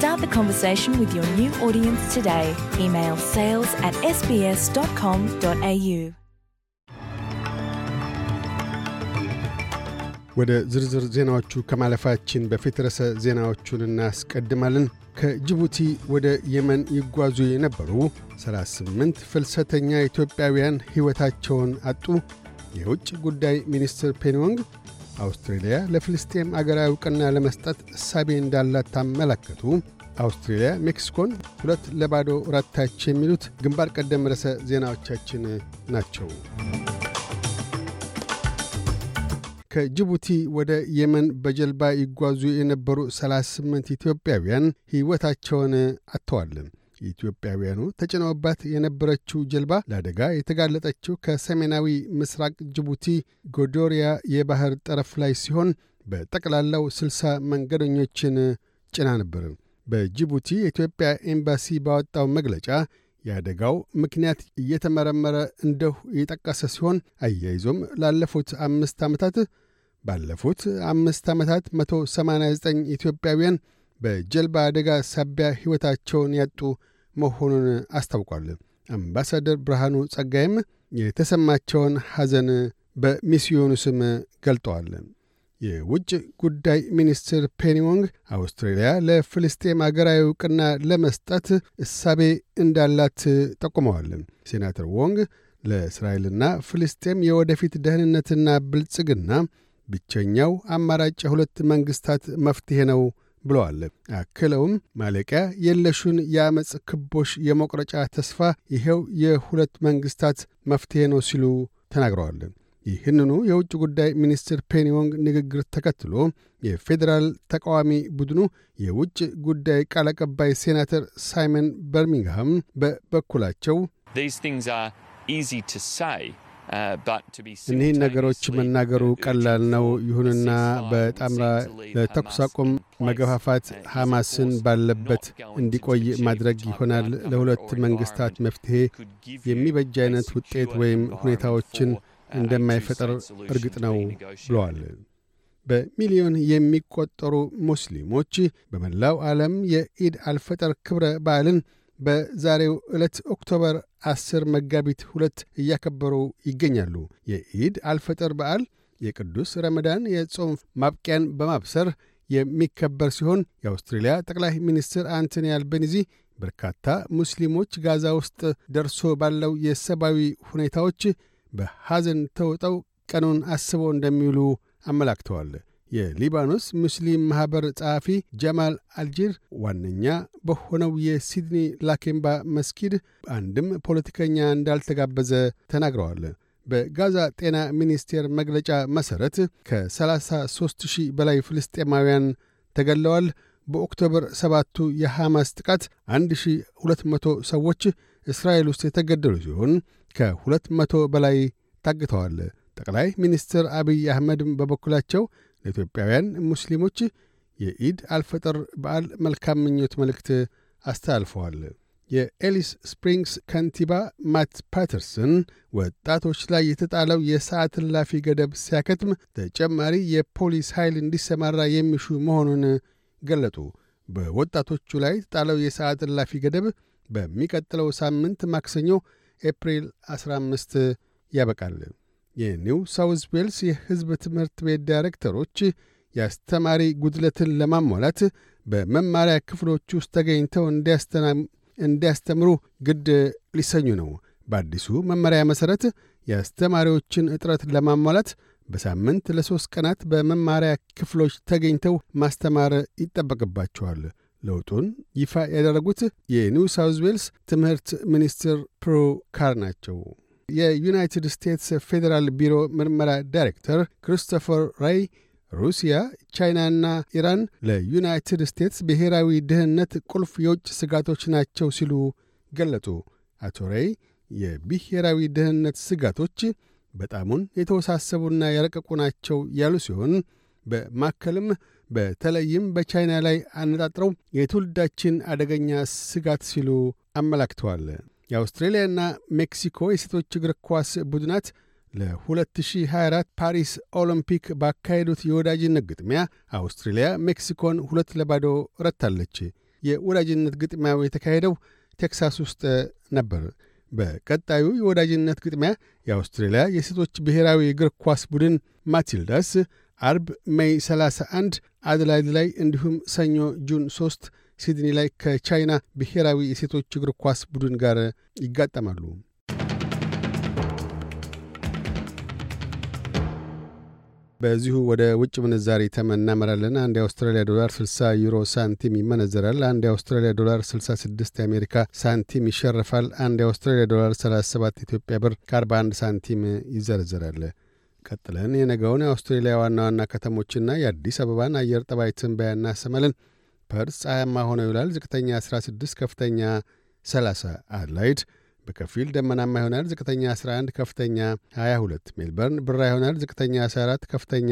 Start the conversation with your new audience today. Email sales at sbs.com.au. ወደ ዝርዝር ዜናዎቹ ከማለፋችን በፊት ርዕሰ ዜናዎቹን እናስቀድማለን። ከጅቡቲ ወደ የመን ይጓዙ የነበሩ 38 ፍልሰተኛ ኢትዮጵያውያን ሕይወታቸውን አጡ። የውጭ ጉዳይ ሚኒስትር ፔንዮንግ አውስትሬልያ ለፍልስጤም አገራዊ ዕውቅና ለመስጠት እሳቤ እንዳላት ታመለከቱ። አውስትሬልያ ሜክሲኮን ሁለት ለባዶ ረታች። የሚሉት ግንባር ቀደም ርዕሰ ዜናዎቻችን ናቸው። ከጅቡቲ ወደ የመን በጀልባ ይጓዙ የነበሩ 38 ኢትዮጵያውያን ሕይወታቸውን አጥተዋል። ኢትዮጵያውያኑ ተጭነውባት የነበረችው ጀልባ ለአደጋ የተጋለጠችው ከሰሜናዊ ምስራቅ ጅቡቲ ጎዶሪያ የባህር ጠረፍ ላይ ሲሆን በጠቅላላው ስልሳ መንገደኞችን ጭና ነበር። በጅቡቲ የኢትዮጵያ ኤምባሲ ባወጣው መግለጫ የአደጋው ምክንያት እየተመረመረ እንደሁ የጠቀሰ ሲሆን አያይዞም ላለፉት አምስት ዓመታት ባለፉት አምስት ዓመታት 189 ኢትዮጵያውያን በጀልባ አደጋ ሳቢያ ሕይወታቸውን ያጡ መሆኑን አስታውቋል። አምባሳደር ብርሃኑ ጸጋይም የተሰማቸውን ሐዘን በሚስዮኑ ስም ገልጠዋል። የውጭ ጉዳይ ሚኒስትር ፔኒዎንግ አውስትራሊያ ለፍልስጤም አገራዊ ዕውቅና ለመስጠት እሳቤ እንዳላት ጠቁመዋል። ሴናተር ዎንግ ለእስራኤልና ፍልስጤም የወደፊት ደህንነትና ብልጽግና ብቸኛው አማራጭ የሁለት መንግሥታት መፍትሔ ነው ብለዋል። አክለውም ማለቂያ የለሹን የአመፅ ክቦሽ የመቁረጫ ተስፋ ይኸው የሁለት መንግሥታት መፍትሄ ነው ሲሉ ተናግረዋል። ይህንኑ የውጭ ጉዳይ ሚኒስትር ፔኒዮንግ ንግግር ተከትሎ የፌዴራል ተቃዋሚ ቡድኑ የውጭ ጉዳይ ቃል አቀባይ ሴናተር ሳይመን በርሚንግሃም በበኩላቸው Uh, እኒህን ነገሮች መናገሩ ቀላል ነው። ይሁንና በጣምራ ለተኩስ አቁም መገፋፋት ሐማስን ባለበት እንዲቆይ ማድረግ ይሆናል። ለሁለት መንግስታት መፍትሄ የሚበጅ አይነት ውጤት ወይም ሁኔታዎችን uh, እንደማይፈጠር እርግጥ ነው ብለዋል። በሚሊዮን የሚቆጠሩ ሙስሊሞች በመላው ዓለም የኢድ አልፈጠር ክብረ በዓልን በዛሬው ዕለት ኦክቶበር 10 መጋቢት ሁለት እያከበሩ ይገኛሉ። የኢድ አልፈጠር በዓል የቅዱስ ረመዳን የጾም ማብቂያን በማብሰር የሚከበር ሲሆን የአውስትሬልያ ጠቅላይ ሚኒስትር አንቶኒ አልቤኒዚ በርካታ ሙስሊሞች ጋዛ ውስጥ ደርሶ ባለው የሰብአዊ ሁኔታዎች በሐዘን ተውጠው ቀኑን አስበው እንደሚውሉ አመላክተዋል። የሊባኖስ ሙስሊም ማኅበር ጸሐፊ ጀማል አልጂር ዋነኛ በሆነው የሲድኒ ላኬምባ መስጊድ አንድም ፖለቲከኛ እንዳልተጋበዘ ተናግረዋል። በጋዛ ጤና ሚኒስቴር መግለጫ መሠረት ከ33 ሺህ በላይ ፍልስጤማውያን ተገለዋል። በኦክቶበር ሰባቱ የሐማስ ጥቃት 1200 ሰዎች እስራኤል ውስጥ የተገደሉ ሲሆን ከ200 በላይ ታግተዋል። ጠቅላይ ሚኒስትር አብይ አህመድም በበኩላቸው ለኢትዮጵያውያን ሙስሊሞች የኢድ አልፈጠር በዓል መልካም ምኞት መልእክት አስተላልፈዋል። የኤሊስ ስፕሪንግስ ከንቲባ ማት ፓተርሰን ወጣቶች ላይ የተጣለው የሰዓት እላፊ ገደብ ሲያከትም ተጨማሪ የፖሊስ ኃይል እንዲሰማራ የሚሹ መሆኑን ገለጡ። በወጣቶቹ ላይ የተጣለው የሰዓት እላፊ ገደብ በሚቀጥለው ሳምንት ማክሰኞ ኤፕሪል 15 ያበቃል። የኒው ሳውዝ ዌልስ የሕዝብ ትምህርት ቤት ዳይሬክተሮች የአስተማሪ ጉድለትን ለማሟላት በመማሪያ ክፍሎች ውስጥ ተገኝተው እንዲያስተምሩ ግድ ሊሰኙ ነው። በአዲሱ መመሪያ መሠረት የአስተማሪዎችን እጥረት ለማሟላት በሳምንት ለሦስት ቀናት በመማሪያ ክፍሎች ተገኝተው ማስተማር ይጠበቅባቸዋል። ለውጡን ይፋ ያደረጉት የኒው ሳውዝ ዌልስ ትምህርት ሚኒስትር ፕሮ ካር ናቸው። የዩናይትድ ስቴትስ ፌዴራል ቢሮ ምርመራ ዳይሬክተር ክሪስቶፈር ራይ ሩሲያ፣ ቻይናና ኢራን ለዩናይትድ ስቴትስ ብሔራዊ ደህንነት ቁልፍ የውጭ ስጋቶች ናቸው ሲሉ ገለጡ። አቶ ሬይ የብሔራዊ ደህንነት ስጋቶች በጣሙን የተወሳሰቡና ያረቀቁ ናቸው ያሉ ሲሆን በማከልም በተለይም በቻይና ላይ አነጣጥረው የትውልዳችን አደገኛ ስጋት ሲሉ አመላክተዋል። የአውስትሬልያና ሜክሲኮ የሴቶች እግር ኳስ ቡድናት ለ2024 ፓሪስ ኦሎምፒክ ባካሄዱት የወዳጅነት ግጥሚያ አውስትሬልያ ሜክሲኮን ሁለት ለባዶ ረታለች። የወዳጅነት ግጥሚያው የተካሄደው ቴክሳስ ውስጥ ነበር። በቀጣዩ የወዳጅነት ግጥሚያ የአውስትሬልያ የሴቶች ብሔራዊ እግር ኳስ ቡድን ማቲልዳስ አርብ ሜይ 31 አደላይድ ላይ እንዲሁም ሰኞ ጁን 3 ሲድኒ ላይ ከቻይና ብሔራዊ የሴቶች እግር ኳስ ቡድን ጋር ይጋጠማሉ። በዚሁ ወደ ውጭ ምንዛሪ ተመን እናመራለን። አንድ የአውስትራሊያ ዶላር 60 ዩሮ ሳንቲም ይመነዘራል። አንድ የአውስትራሊያ ዶላር 66 የአሜሪካ ሳንቲም ይሸርፋል። አንድ የአውስትራሊያ ዶላር 37 ኢትዮጵያ ብር ከ41 ሳንቲም ይዘረዘራል። ቀጥለን የነገውን የአውስትሬሊያ ዋና ዋና ከተሞችና የአዲስ አበባን አየር ጠባይ ትንበያና ሰመልን ፐርስ ፀሐያማ ሆኖ ይውላል። ዝቅተኛ 16፣ ከፍተኛ 30። አድላይድ በከፊል ደመናማ ይሆናል። ዝቅተኛ 11፣ ከፍተኛ 22። ሜልበርን ብራ ይሆናል። ዝቅተኛ 14፣ ከፍተኛ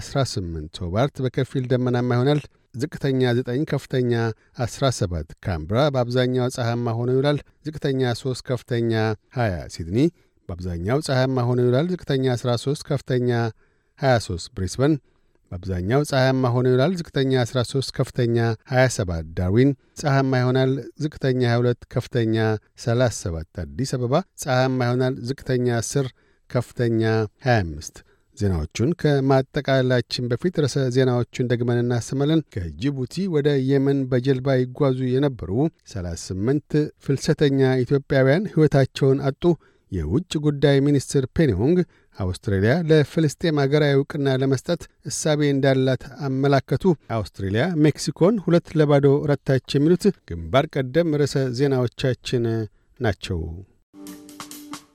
18። ሆባርት በከፊል ደመናማ ይሆናል። ዝቅተኛ 9፣ ከፍተኛ 17። ካምብራ በአብዛኛው ፀሐያማ ሆኖ ይውላል። ዝቅተኛ 3፣ ከፍተኛ 20። ሲድኒ በአብዛኛው ፀሐያማ ሆኖ ይውላል። ዝቅተኛ 13፣ ከፍተኛ 23። ብሪስበን በአብዛኛው ፀሐያማ ሆኖ ይውላል። ዝቅተኛ 13፣ ከፍተኛ 27። ዳርዊን ፀሐያማ ይሆናል። ዝቅተኛ 22፣ ከፍተኛ 37። አዲስ አበባ ፀሐያማ ይሆናል። ዝቅተኛ 10፣ ከፍተኛ 25። ዜናዎቹን ከማጠቃላችን በፊት ርዕሰ ዜናዎቹን ደግመን እናሰማለን። ከጅቡቲ ወደ የመን በጀልባ ይጓዙ የነበሩ 38 ፍልሰተኛ ኢትዮጵያውያን ሕይወታቸውን አጡ። የውጭ ጉዳይ ሚኒስትር ፔንሆንግ አውስትሬልያ ለፍልስጤም አገራዊ እውቅና ለመስጠት እሳቤ እንዳላት አመላከቱ። አውስትሬልያ ሜክሲኮን ሁለት ለባዶ ረታች። የሚሉት ግንባር ቀደም ርዕሰ ዜናዎቻችን ናቸው።